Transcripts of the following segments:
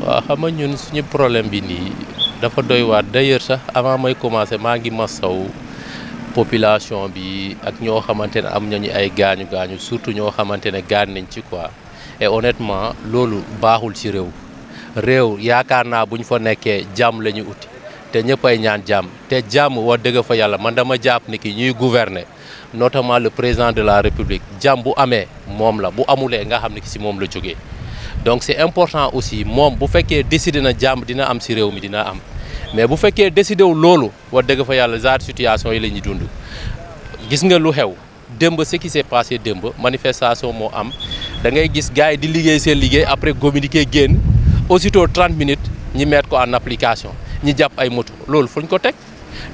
waaw xam ñun suñu problème bi nii dafa doy waat d'ailleurs sax avant may commencer maa ngi ma masaw population bi ak ñoo xamante ne am nañu ay gaañu gaañu surtout ñoo xamante ne gaañ nañ ci quoi et honnêtement loolu baaxul ci réew réew yaakaar naa bu ñu fa nekkee jàmm la ñu te ñëpp ay ñaan jàmm te jàmm wax dëgg fa yàlla man dama jàpp ni ki ñuy gouverner notamment le président de la république jàmm bu amee moom la bu amulee nga xam ne ki si moom la jógee donc c'est important aussi moom bu fekkee décidé na jàmm dina am si réew mi dina am mais bu fekkee décidé wu loolu wax dëgg fa yàlla genre situation yi la ñuy dund gis nga lu xew démb ce qui s'est passé démb manifestation moo am da ngay gis gars yi di liggéey seen liggéey après communiqué génn aussitôt 30 minutes ñi ko en application ñi jàpp ay moto loolu fu ñu ko teg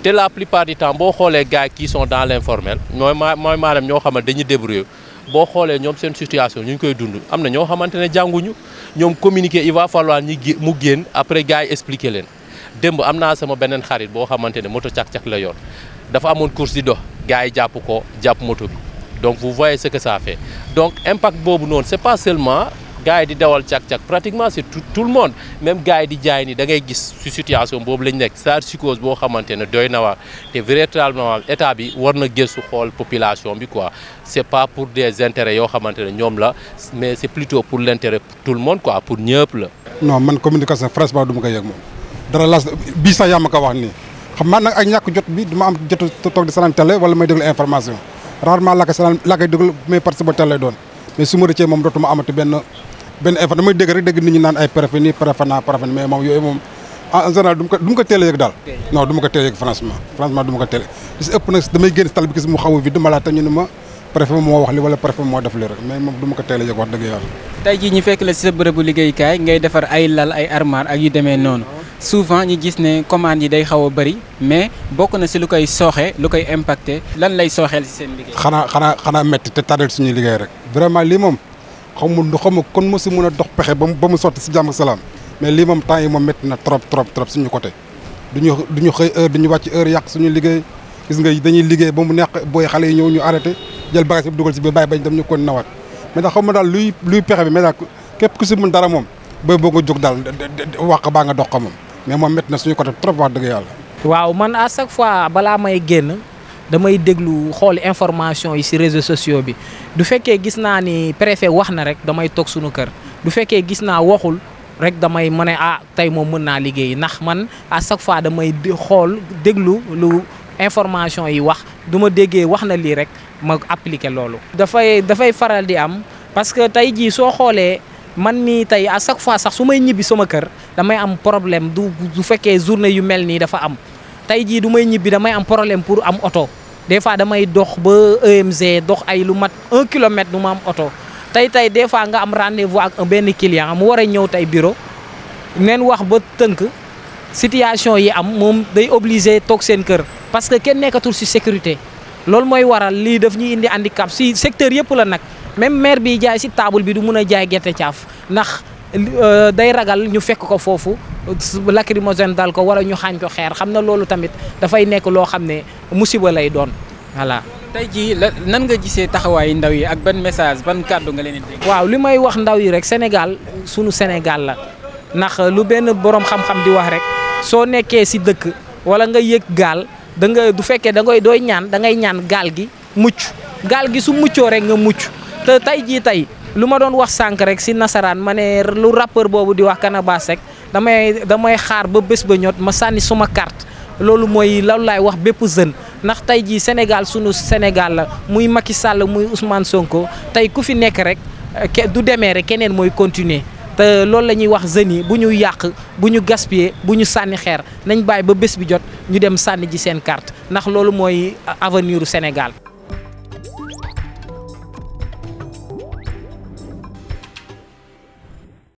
te la plupart du temps boo xoolee gars qui sont dans l'informel mooy ma mooy maanaam ñoo dañu dañuy débrouiller boo xoolee ñoom seen situation ñu ngi koy dund am na ñoo xamante ne jànguñu ñoom communiquer il va falloir ñi mu génn après gars yi leen démb am naa sama beneen xarit boo xamante ne moto cak-cak la yoon dafa amoon course di dox gars yi jàpp ko jàpp moto bi donc vous voyez ce que ça donc impact boobu noonu c'est pas seulement gars di dawal cak-cak pratiquement c'est tout le monde même gars di jaay ni da ngay gis si situation boobu lañ nekk saa psychose boo xamante ne na waar te véritablement état bi war na gëstu xool population bi quoi c'est pas pour des intérêts yoo xamante ne ñoom la mais c'est plutôt pour l'intérêt tout le monde quoi pour ñëpp la non man communication franchement du ma ko yëg moom dara laas bii sax yaa ko wax nii xam naa nag ak ñàkk jot bi duma am benn info damay dégg rek dégg nit ñi naan ay préfet nii préfet naa préfet mais moom yooyu moom ko du ma ko teel a yëg daal non du ko teel a yëg franchement franchement du ma ko teel a vide ma laa te li wala préfet moo def li rek mais moom du ma ko teel a yëg wax dëgg tey jii ñu fekk la si sa bërëbu liggéeykaay ngay defar ay lal ay armoire ak yu demee noonu souvent ñu gis ne commande yi day xaw a bëri mais bokk na si lu koy sooxee lu koy impacté lan lay sooxeel si seen liggéey xanaa xanaa xanaa métti te tardel suñuy liggéey rek vraiment lii moom xaw ma xaw ma kon mosu mën a dox pexe ba mu ba mu sotti si jàmm salaam mais lii moom temps yi moom métti na trop trop trop suñu côté duñu duñu xëy heure duñu wàcc heure yàq suñu liggéey gis nga dañuy liggéey ba mu neex booy xale yi ñëw ñu arrêté jël bagage yëpp dugal si biir bàyyi bañ dem ñu kon nawaat mais daal xaw ma daal luy luy pexe bi mais daal képp ku si mën dara moom booy boo nga jóg daal wax baa nga dox ko moom mais moom métti na suñu côté trop wax yàlla waaw man à chaque fois balaa may génn damay déglu xool information yi si réseaux sociaux bi du fekkee gis naa ni préfet wax na rek damay toog suñu kër du fekkee gis naa waxul rek damay mën a ah tey moom mën naa liggéey ndax man à chaque fois damay xool déglu lu information yi wax du ma déggee wax na lii rek ma appliquer loolu. dafay dafay faral di am parce que tey jii soo xoolee. man mii tey à chaque fois sax su may ñibbi sama kër damay am problème du du fekkee journée yu mel nii dafa am tey jii du may ñibbi damay am problème pour am oto des fois damay dox ba EMG dox ay lu mat un kilomètre du ma am oto tey tey des fois nga am rendez-vous ak benn client mu war a ñëw tey bureau neen wax ba tënk situation yi am moom day obligé toog seen kër parce que kenn nekkatul si sécurité loolu mooy waral lii daf ñuy indi handicap ci secteur yëpp la nag même maire bi jaay si table bi du mun a jaay gerte caaf ndax euh, day ragal ñu fekk ko foofu lacrymogène dal ko wala ñu xaañ ko xeer xam na loolu tamit dafay nekk loo xam ne musiba lay doon voilà. tey jii nan nga gisee taxawaayu ndaw yi ak ban message ban kàddu nga leen waaw li may wax ndaw yi rek Sénégal sunu Sénégal la ndax lu benn borom xam-xam di wax rek soo nekkee si dëkk wala nga yëg gaal da nga du fekkee da ngay dooy ñaan da ngay ñaan gaal gi mucc gaal gi su muccoo rek nga mucc te tey jii tey lu ma doon wax sànq rek si nasaraan ma ne lu rappeur boobu di wax Canabasse rek damay damay xaar ba bés ba ñot ma sànni suma carte. loolu mooy loolu laay wax bépp jeune ndax tey jii Sénégal sunu Sénégal la muy Macky Sall muy Ousmane Sonko tey ku fi nekk rek eh, du demee rek keneen mooy continuer te loolu la ñuy wax jeunes yi bu ñu yàq bu ñu gaspiller bu ñu sànni xeer nañ bàyyi ba bés bi jot ñu dem sànni ji seen carte ndax loolu mooy eh, avenir Sénégal